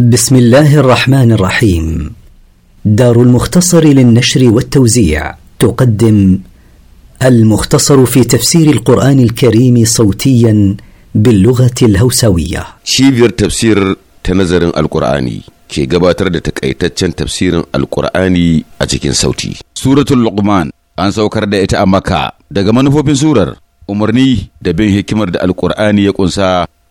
بسم الله الرحمن الرحيم دار المختصر للنشر والتوزيع تقدم المختصر في تفسير القرآن الكريم صوتيا باللغة الهوسوية شيفير تفسير تنظر القرآني كي قباتر تكايتتشن تفسير القرآني أجيكين صوتي سورة اللقمان أنسى وكرد إتا أمكا دقمان فوبين سورة أمرني دبين هكمر دا القرآني يكون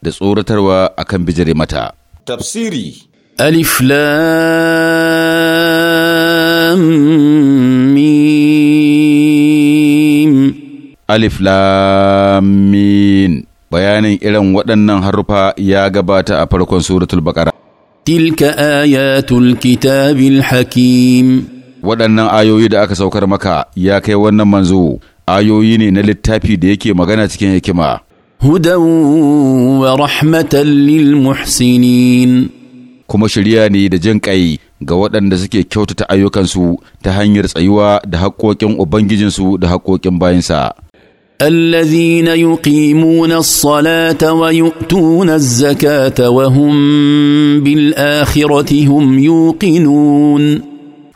دا سورة روا أكن بجري متا Tafsiri Alif Lamin, Alif Bayanin irin waɗannan haruffa ya gabata a farkon suratul Baqara Tilka ayatul kitabil hakim Waɗannan ayoyi da aka saukar maka ya kai wannan manzo ayoyi ne na littafi da yake magana cikin hikima هدى ورحمة للمحسنين kuma shirya ne da jin ƙai ga waɗanda suke kyautata ayyukansu ta hanyar tsayuwa da haƙoƙin Ubangijinsu da haƙoƙin bayansa. الذين يقيمون الصلاة ويؤتون الزكاة وهم بالآخرة هم يوقنون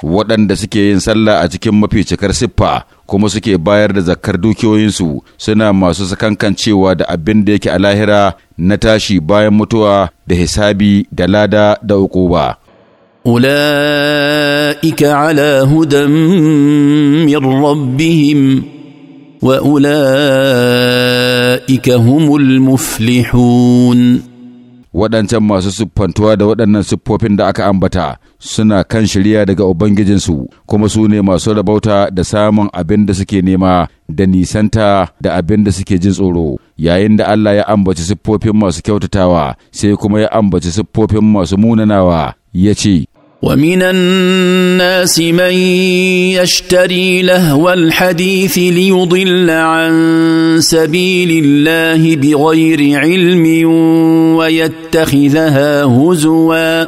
waɗanda suke yin sallah a cikin mafi cikar siffa kuma suke bayar da zakkar dukiyoyinsu suna masu sakankancewa da abin da yake a lahira na tashi bayan mutuwa da hisabi da lada da ukuba. أولئك على هدى rabbihim wa ulaika humul muflihun. waɗancan masu siffantuwa da waɗannan siffofin da aka ambata suna kan shirya daga Ubangijinsu kuma su ne masu rabauta da samun abin da suke nema da nisanta da abin da suke jin tsoro yayin da Allah ya ambaci siffofin masu kyautatawa sai kuma ya ambaci siffofin masu munanawa ya ce ومن الناس من يشتري لهو الحديث ليضل عن سبيل الله بغير علم ويتخذها هزوا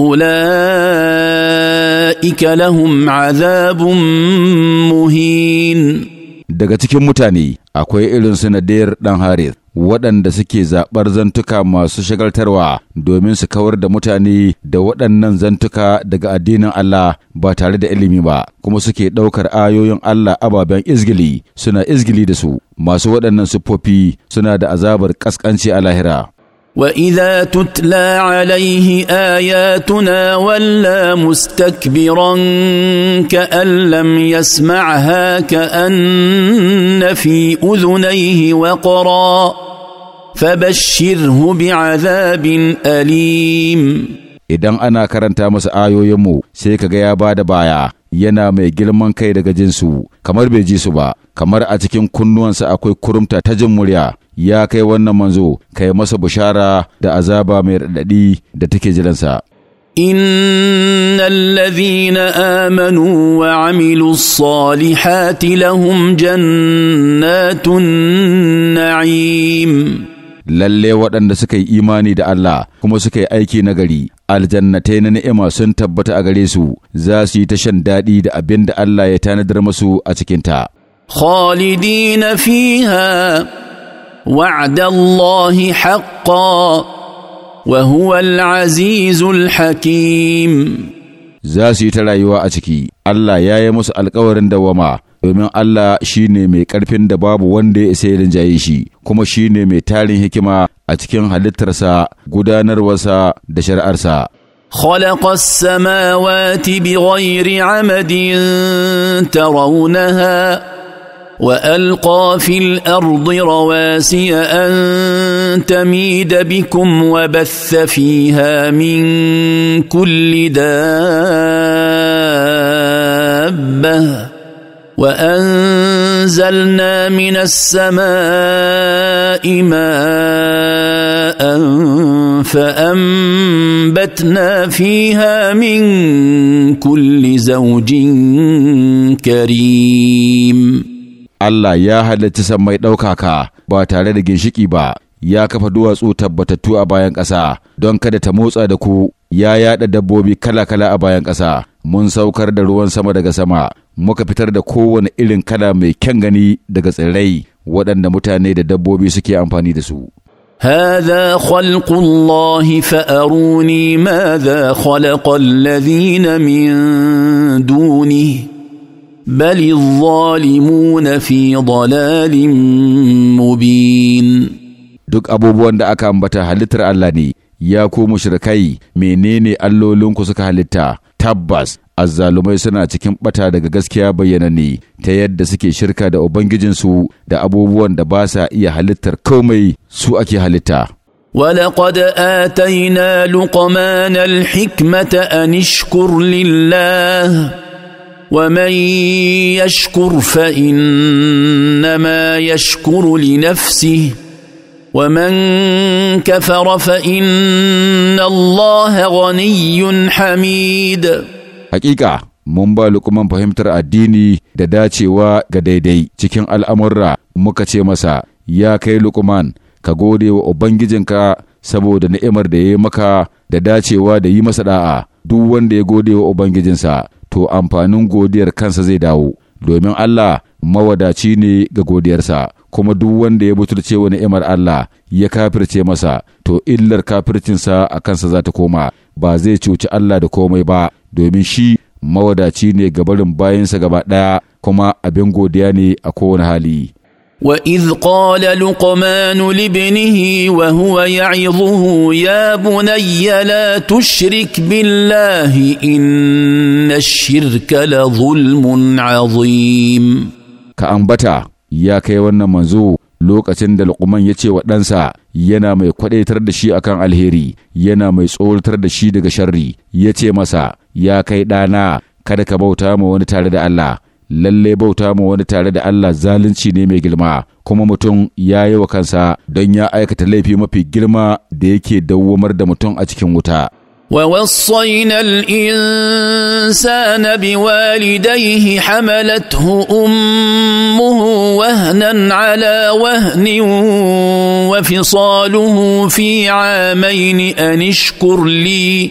اولئك لهم عذاب مهين دقتك cikin akwai irin su Nadir ɗan Harith, waɗanda suke zaɓar zantuka masu shagaltarwa domin su kawar da mutane da waɗannan zantuka daga addinin Allah ba tare da ilimi ba, kuma suke ɗaukar ayoyin Allah ababen izgili suna izgili da su, masu waɗannan siffofi suna da azabar ƙasƙanci a lahira. واذا تتلى عليه اياتنا ولى مستكبرا كان لم يسمعها كان في اذنيه وقرا فبشره بعذاب اليم idan ana karanta masa ayoyinmu sai kaga ya ba da baya yana mai girman kai daga jinsu kamar bai ji su ba kamar a cikin kunnuwansa akwai kurumta ta jin murya ya kai wannan manzo kai masa bushara da azaba mai raɗaɗi da take jiransa ان الذين amanu وعملوا الصالحات lahum jannatun Na'im. lalle waɗanda suka yi imani da Allah kuma suka yi aiki gari, aljannatai na ni'ima sun tabbata a gare su za su yi tashan daɗi da abin da Allah ya tanadar masu a cikin ta khalidina fiha وعد الله حقا وهو العزيز الحكيم za su yi ta rayuwa a ciki Allah ya yi musu alkawarin dawama domin Allah shi ne mai ƙarfin da babu wanda ya isa rinjaye shi kuma shi ne mai tarin hikima a cikin halittarsa gudanarwarsa da shari'arsa خلق السماوات بغير عمد raunaha. والقى في الارض رواسي ان تميد بكم وبث فيها من كل دابه وانزلنا من السماء ماء فانبتنا فيها من كل زوج كريم Allah ya halarci san mai ɗaukaka ba tare da ginshiki ba, ya kafa duwatsu tabbatattu a bayan ƙasa don kada ta motsa da ku ya yaɗa dabbobi kala-kala a bayan ƙasa. Mun saukar da ruwan sama daga sama, muka fitar da kowane irin kala mai kyan gani daga tsirrai waɗanda mutane da dabbobi suke amfani da su. هذا خلق fa'aruni فأروني ماذا خلق الذين من دونه بل الظالمون في ضلال مبين duk abubuwan da aka ambata halittar Allah ne ya ku mushrikai menene allolinku suka halitta tabbas azzalumai suna cikin bata daga gaskiya bayyana ne ta yadda suke shirka da ubangijinsu da abubuwan da ba sa iya halittar komai su ake halitta ولقد آتينا لقمان الحكمة أن اشكر لله ومن يشكر فانما يشكر لنفسه ومن كفر فان الله غني حميد حقيقه mun ba lukuman fahimtar addini da dacewa ga daidai cikin al'amurra muka ce masa ya kai lukuman ka gode wa ubangijinka saboda ni'imar da ya yi maka da dacewa da yi masa da'a duk wanda ya gode wa ubangijinsa to amfanin godiyar kansa zai dawo domin Allah mawadaci ne ga godiyarsa kuma duk wanda ya butulce wa imar Allah ya kafirce masa to illar kafircinsa a kansa za ta koma ba zai cuci Allah da komai ba domin shi mawadaci ne ga barin bayansa gaba ɗaya kuma abin godiya ne a kowane hali واذ قال لقمان لابنه وهو يعظه يا بني لا تشرك بالله ان الشرك لظلم ka كأنبتا ya kai wannan manzo lokacin da Luqman ya ce wa ɗansa yana mai kwadaitar da shi akan alheri yana mai tsoratar da shi daga sharri ya ce masa ya kai ɗana kada ka bauta ma wani tare da Allah lalle bauta mu wani tare da Allah zalunci ne mai girma kuma mutum ya yi wa kansa don ya aikata laifi mafi girma da yake dawwamar da mutum a cikin wuta. ووصينا الانسان بوالديه حملته امه وهنا على وهن وفصاله في عامين ان اشكر لي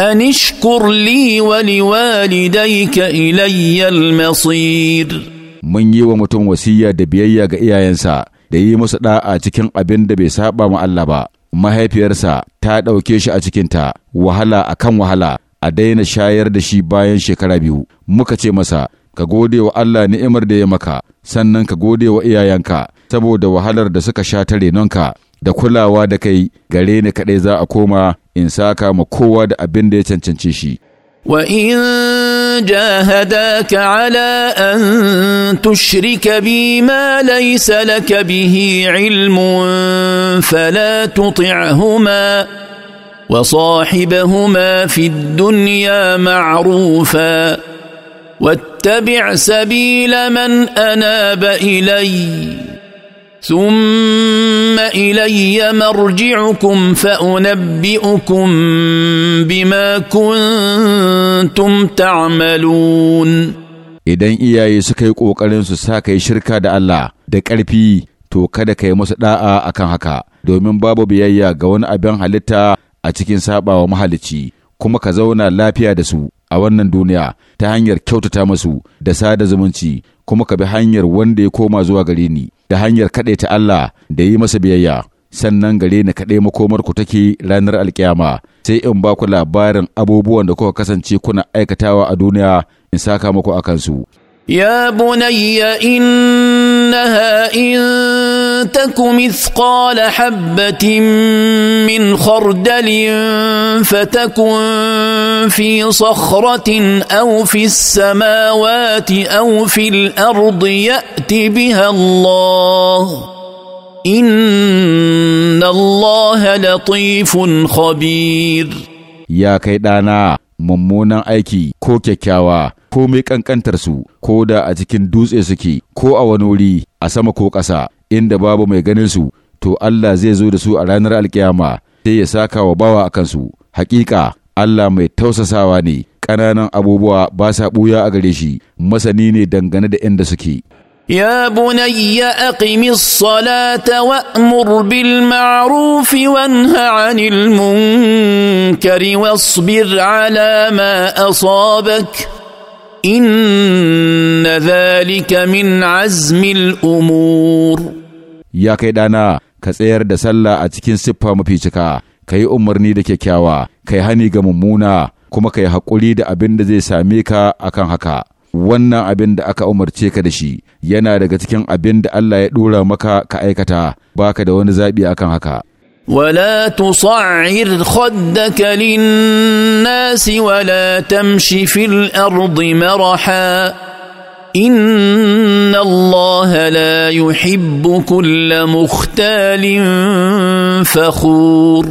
أن اشكر لي ولوالديك إلي المصير mun yi wa mutum wasiya da biyayya ga iyayensa da yi musu a cikin abin da bai saba wa Allah ba mahaifiyarsa ta ɗauke shi a cikinta wahala a kan wahala a daina shayar da shi bayan shekara biyu muka ce masa ka gode wa Allah ni'imar da ya maka sannan ka gode wa iyayenka saboda wahalar da suka sha ta renonka da kulawa da kai gare ni kaɗai za a koma in saka ma kowa da abin da ya cancanci shi. وإن جاهداك على أن تشرك بي ما ليس لك به علم فلا تطعهما وصاحبهما في الدنيا معروفا واتبع سبيل من أناب إليّ ثم الي مرجعكم فانبئكم بما كنتم تعملون idan iyaye suka yi ƙoƙarin su sa ka yi shirka da Allah da ƙarfi to kada ka yi ɗa'a akan haka domin babu biyayya ga wani abin halitta a cikin saɓawa mahalicci kuma ka zauna lafiya da su a wannan duniya ta hanyar kyautata masu da sada zumunci kuma ka bi hanyar wanda ya koma zuwa gare ni da hanyar ta Allah da yi masa biyayya sannan gare ni kaɗai makomar ku take ranar alkiyama sai in ba ku labarin abubuwan da kuka kasance kuna aikatawa a duniya in saka muku a kansu. Ya bunayya innaha in تك مثقال حبة من خردل فتكن في صخرة أو في السماوات أو في الأرض يأت بها الله إن الله لطيف خبير يا كيدانا ممونا أيكي كوكيكاوا كومي كان كانترسو كودا أتكين دوز إسكي كو أوانولي أسامكو كسا inda babu mai ganin su to Allah zai zo da su a ranar alkiyama sai ya saka wa bawa a kansu hakika Allah mai tausasawa ne ƙananan abubuwa ba sa ɓuya a gare shi masani ne dangane da inda suke يا بني أقم الصلاة وأمر بالمعروف وانه عن المنكر واصبر على ما أصابك إن ذلك من عزم الأمور ya kai ɗana ka tsayar da sallah a cikin siffa mafi cika ka yi umarni da kyakkyawa ka yi hani ga mummuna kuma ka yi haƙuri da abin da zai same ka akan haka wannan abin da aka umarce ka da shi yana daga cikin abin da Allah ya ɗora maka ka aikata baka da wani zaɓi akan haka ولا تصعر خدك للناس ولا تمشي في الأرض مرحا ان الله لا يحب كل مختال فخور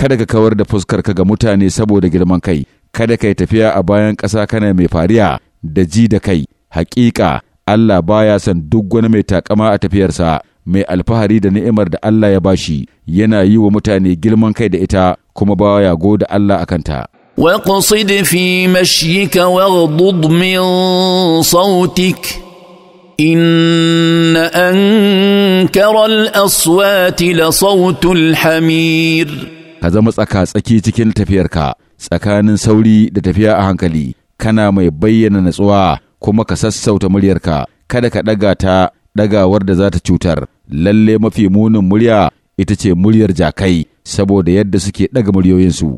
kada ka kawar da fuskar ka ga mutane saboda girman kai kada ka yi tafiya a bayan ƙasa kana mai fariya da ji da kai hakika Allah baya son duk wani mai takama a tafiyarsa mai alfahari da ni'imar da Allah ya bashi yana yi wa mutane girman kai da ita kuma baya goda Allah a kanta واقصد في مشيك واغضض من صوتك ان انكر الاصوات لصوت الحمير ka zama tsaka tsaki cikin tafiyarka tsakanin sauri da tafiya a hankali kana mai bayyana natsuwa kuma ka sassauta muryarka kada ka ɗaga ta ɗagawar da za ta cutar lalle mafi munin murya ita ce muryar jakai saboda yadda suke ɗaga muryoyinsu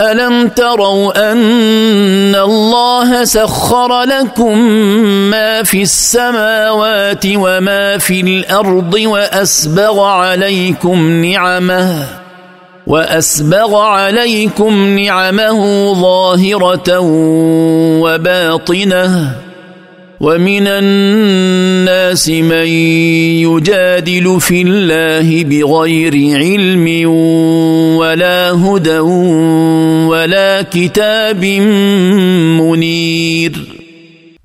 الم تروا ان الله سخر لكم ما في السماوات وما في الارض واسبغ عليكم نعمه واسبغ عليكم نعمه ظاهره وباطنه ومن الناس من يجادل في الله بغير علم ولا هدى ولا كتاب منير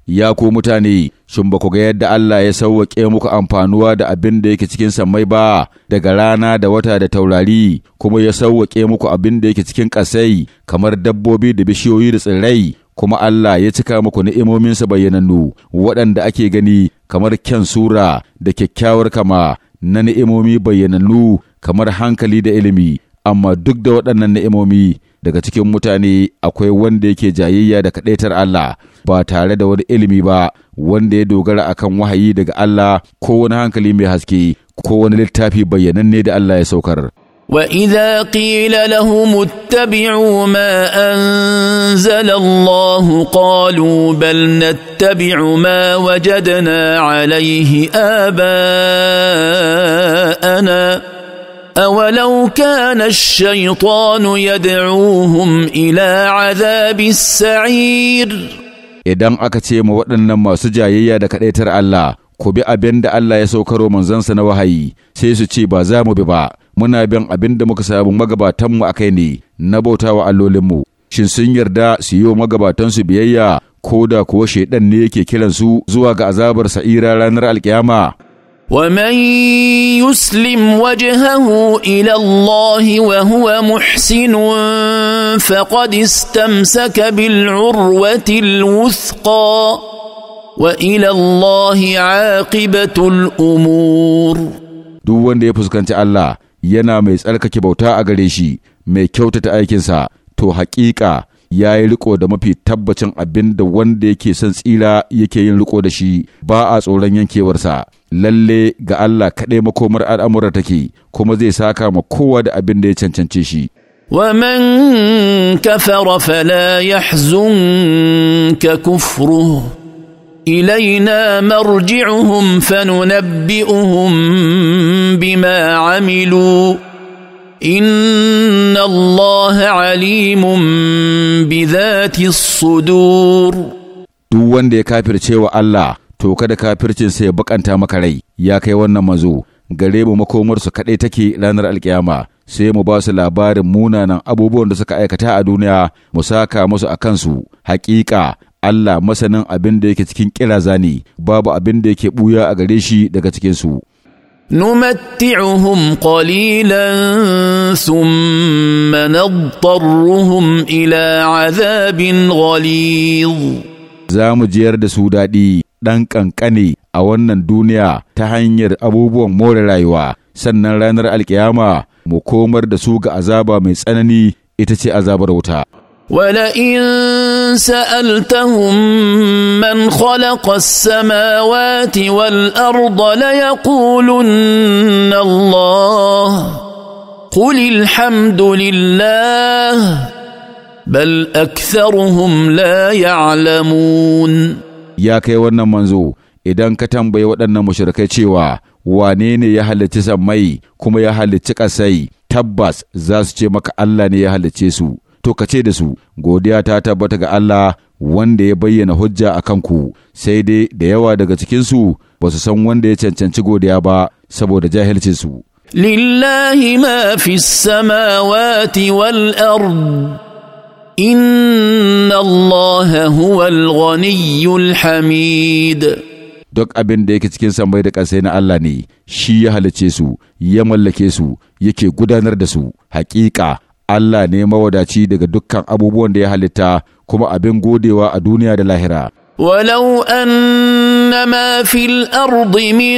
ya كومتاني mutane shin ba ga yadda Allah ya sauwaƙe muku amfanuwa da abin da yake cikin sammai ba daga rana da wata da taurari kuma ya sauwaƙe muku abin da yake cikin ƙasai kamar dabbobi da bishiyoyi da tsirrai kuma Allah ya cika muku ni'imominsa bayyanannu waɗanda ake gani kamar kyan sura da kyakkyawar kama na ni'imomi bayyanannu kamar hankali da ilimi, amma duk da waɗannan ni'imomi daga cikin mutane akwai wanda yake jayayya da kaɗaitar Allah ba tare da wani ilimi ba wanda ya dogara akan wahayi daga Allah ko wani hankali mai haske ko wani littafi bayyananne da Allah ya saukar. واذا قيل لهم اتبعوا ما انزل الله قالوا بل نتبع ما وجدنا عليه اباءنا اولو كان الشيطان يدعوهم الى عذاب السعير idan aka ce ma waɗannan masu jayayya da kaɗaitar Allah ku bi abin da Allah ya saukaro manzansa na wahayi sai su ce ba za mu bi ba muna bin abin da muka samu magabatanmu a kai ne na bautawa allolinmu shin sun yarda su yi wa magabatansu biyayya ko da kuwa shaidan ne yake su zuwa ga azabar sa'ira ranar alkiyama ومن يسلم وجهه الى الله وهو محسن فقد استمسك بالعروه الوثقى والى الله عاقبه الامور duk wanda ya fuskanci Allah yana mai tsarkake bauta a gare shi mai kyautata aikinsa to haƙiƙa ya yi riko da mafi tabbacin abin da wanda yake son tsira yake yin riko da shi ba a tsoron yankewarsa lalle ga Allah kaɗai makomar al'amura take kuma zai saka ma kowa da abin da ya cancance shi ومن كفر فلا يحزنك كفره الينا مرجعهم فننبئهم بما عملوا ان الله عليم بذات الصدور duk wanda ya kafirce wa Allah to kada kafircinsa ya bakanta maka rai ya kai wannan mazo gare mu makomarsu kaɗai take ranar alkiyama sai mu ba su labarin munanan abubuwan da suka aikata a duniya mu saka musu a kansu hakika Allah masanin abin da yake cikin ƙiraza ne, babu abin da yake ɓuya a gare shi daga cikinsu. su قليلا ثم نضطرهم إلى عذاب غليظ za mu jiyar da su daɗi ɗan ƙanƙane a wannan duniya ta hanyar abubuwan more rayuwa sannan ranar alkiyama mu komar da su ga azaba mai tsanani ita ce azabar wuta ولئن سالتهم من خلق السماوات والارض ليقولن الله قل الحمد لله بل اكثرهم لا يعلمون يا كي wannan manzo idan ka tambayi waɗannan mushrikai cewa wane ne ya halicci sammai kuma ya halicci ƙasai tabbas za su ce maka Allah ne ya halicce su to ka ce da su, Godiya ta tabbata ga Allah wanda ya bayyana hujja a kanku, sai dai da yawa daga cikinsu ba su san wanda ya cancanci godiya ba saboda jahilcinsu. Lillahi ma fi samawati wal inna Allah huwal ghaniyyul hamid. duk abin da yake cikin samai da ƙasai na Allah ne, shi ya halice su, ya mallake su, yake gudanar da su, haƙiƙa. Allah ne mawadaci daga dukkan abubuwan da ya halitta kuma abin godewa a duniya da lahira. ولو أن ما في الأرض من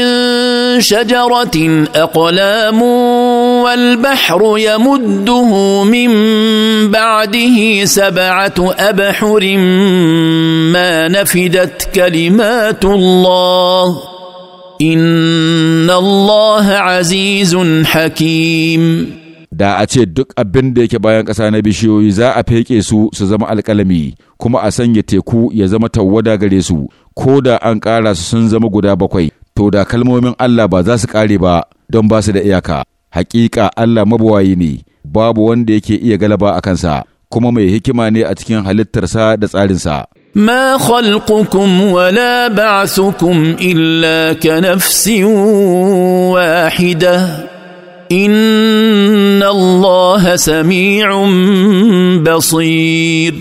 شجرة أقلام والبحر يمده من بعده سبعة أبحر ما نفدت كلمات الله إن الله عزيز حكيم da a ce duk abin da yake bayan ƙasa na bishiyoyi za a feke su su zama alƙalami kuma a sanya teku ya zama tawwada gare su ko da an ƙara su sun zama guda bakwai to da kalmomin Allah ba za su ƙare ba don ba su da iyaka hakika Allah mabawayi ne babu wanda yake iya galaba a kansa kuma mai hikima ne a cikin halittarsa da tsarinsa ما خلقكم ولا بعثكم الا كنفس واحده إن الله سميع بصير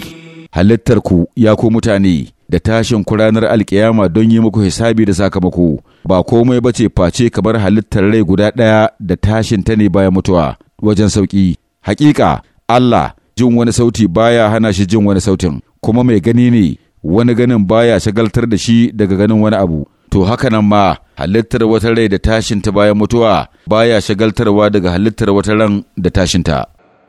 halittarku ya ku mutane da tashin kuranar ranar alkiyama don yi muku hisabi da sakamako ba komai ba ce face kamar halittar rai guda ɗaya da tashin ta ne bayan mutuwa wajen sauƙi hakika Allah jin wani sauti baya hana shi jin wani sautin kuma mai gani ne wani ganin baya shagaltar da shi daga ganin wani abu to haka nan ma halittar wata rai da tashinta bayan mutuwa baya shagaltarwa daga halittar wata ran da tashinta.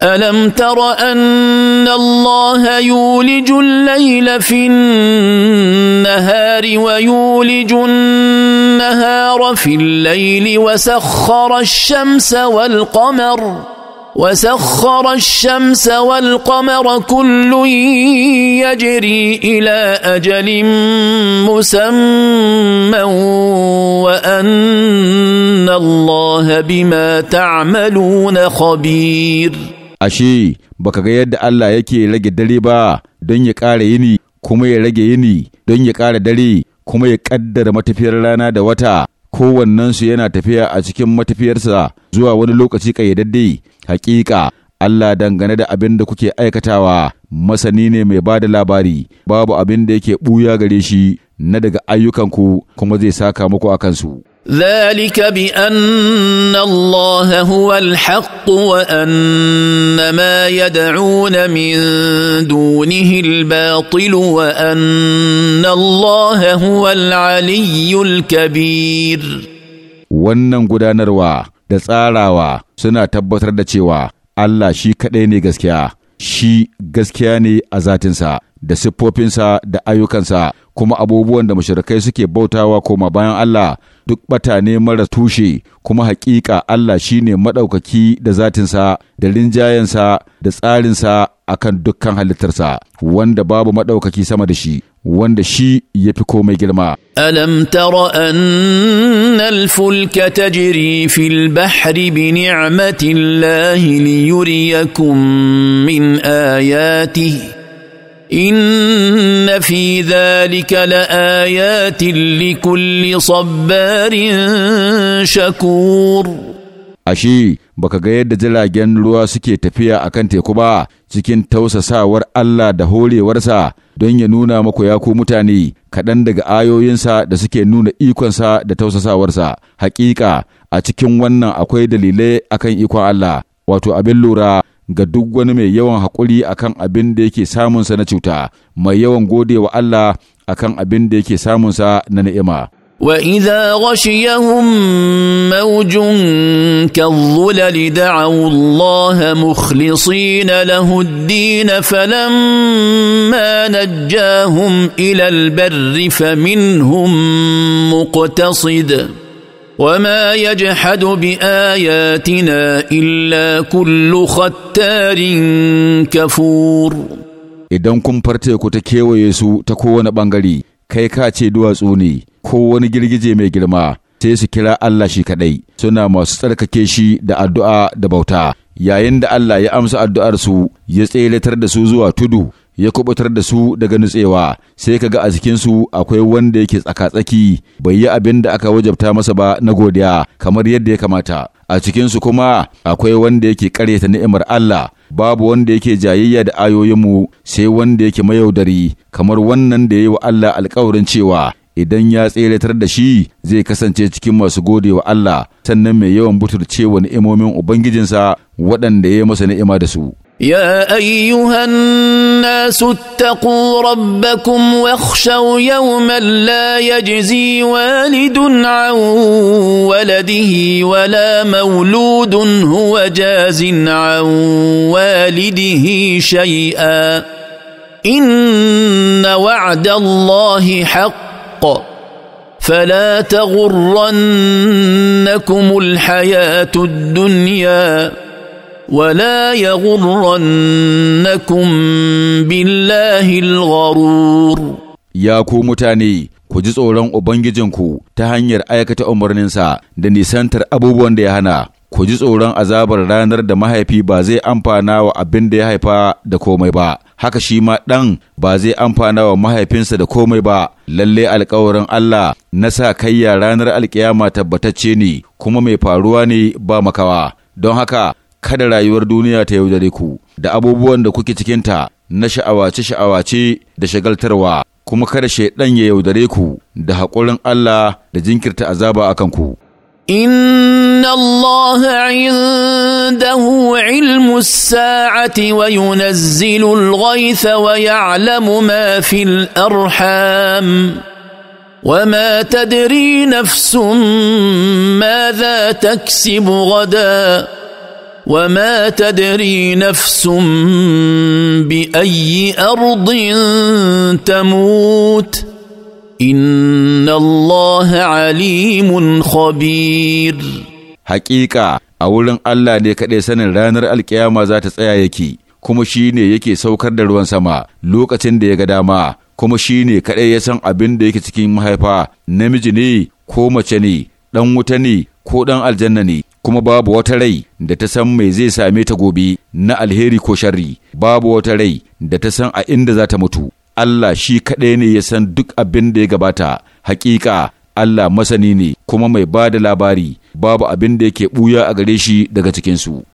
ألم تر أن الله يولج الليل في النهار ويولج النهار في الليل وسخر الشمس والقمر وسخر الشمس والقمر كل يجري الى اجل مسمى وان الله بما تعملون خبير ashe baka ga yadda Allah yake rage dare ba don ya ƙara yini kuma ya rage yini don ya ƙara dare kuma ya ƙaddara matafiyar rana da wata kowannensu yana tafiya a cikin matafiyarsa zuwa wani lokaci ƙayyadadde, hakika Allah dangane da abin da kuke aikatawa masani ne mai ba da labari, babu abin da yake ɓuya gare shi na daga ayyukanku kuma zai saka muku a kansu. ذلك بان الله هو الحق وان ما يدعون من دونه الباطل وان الله هو العلي الكبير wannan gudanarwa da tsarawa suna tabbatar da cewa Allah shi kaɗai ne gaskiya shi gaskiya ne a zatinsa da siffofinsa da ayyukansa kuma abubuwan da mashirkai suke bautawa koma bayan Allah duk ɓata ne mara tushe kuma haƙiƙa Allah shine maɗaukaki da zatinsa da rinjayensa da tsarinsa akan dukkan halittarsa wanda babu maɗaukaki sama da shi wanda shi ya fi komai girma. Alam tara annal fulka tajri fil bahri bi ni'matillahi liyuriyakum min ayatihi ان في ذلك لايات لكل صبار شكور ashe baka ga yadda jiragen ruwa suke tafiya a kan teku ba cikin tausasawar Allah da horewarsa don ya nuna maku ya ku mutane kaɗan daga ayoyinsa da suke nuna ikonsa da tausasawarsa hakika a cikin wannan akwai dalilai akan ikon Allah wato abin lura ga duk wani mai yawan haƙuri akan abin da yake samunsa na cuta, mai yawan gode wa Allah akan abin da yake samunsa na ni'ima. وإذا غشيهم موج كالظلل دعوا الله مخلصين له الدين فلما نجاهم إلى البر فمنهم مقتصد وما يجحد باياتنا الا كل ختار كفور idan kun farce ku ta kewaye su ta kowane ɓangare kai ka ce duwatsu ne ko wani girgije mai girma sai su kira Allah shi kaɗai suna masu tsarkake shi da addu'a da bauta yayin da Allah ya amsa addu'arsu ya tseratar da su zuwa tudu ya kubutar da su daga nutsewa sai ka ga a jikinsu akwai wanda yake tsaka-tsaki bai yi abin da aka wajabta masa ba na godiya kamar yadda ya kamata a cikinsu kuma akwai wanda yake karyata ni'imar Allah babu wanda yake jayayya da ayoyinmu sai wanda yake mayaudari kamar wannan da ya wa Allah alkawarin cewa idan ya tseratar da shi zai kasance cikin masu gode wa Allah sannan mai yawan buturcewa ni'imomin Ubangijinsa waɗanda ya yi masa ni'ima da su. يا ايها الناس اتقوا ربكم واخشوا يوما لا يجزي والد عن ولده ولا مولود هو جاز عن والده شيئا ان وعد الله حق فلا تغرنكم الحياه الدنيا ولا يغرنكم بالله الغرور يا ku mutane ku ji tsoron ubangijinku ta hanyar aikata umarninsa da nisantar abubuwan da ya hana ku ji tsoron azabar ranar da mahaifi ba zai amfana wa abin da ya haifa da komai ba haka shi ma ɗan ba zai amfana wa mahaifinsa da komai ba lalle alkawarin Allah na sa kayya ranar alkiyama tabbatacce ne kuma mai faruwa ne ba makawa don haka kada rayuwar duniya ta yaudare ku da abubuwan da kuke cikinta na sha'awace-sha'awace da shagaltarwa, kuma kada shaiɗan ya yaudare ku da haƙurin Allah da jinkirta azaba a kanku. إن الله عنده علم الساعة وينزل الغيث ويعلم ما في الأرحام وما تدري نفس ماذا تكسب غداً وما تدري نفس باي ارض تموت ان الله عليم خبير حقيقه a wurin Allah ne kaɗai sanin ranar alkiyama za ta tsaya yake kuma shi ne yake saukar da ruwan sama lokacin da ya ga dama kuma shi ne kaɗai ya san abin da yake cikin mahaifa namiji ne ko mace ne ɗan wuta ne ko ɗan aljanna ne kuma babu wata rai da ta san mai zai same ta gobe na alheri ko sharri babu wata rai da ta san a inda za ta mutu Allah shi kaɗai ne ya san duk abin da ya gabata hakika Allah masani ne kuma mai ba da labari babu abin da yake ɓuya a gare shi daga cikinsu.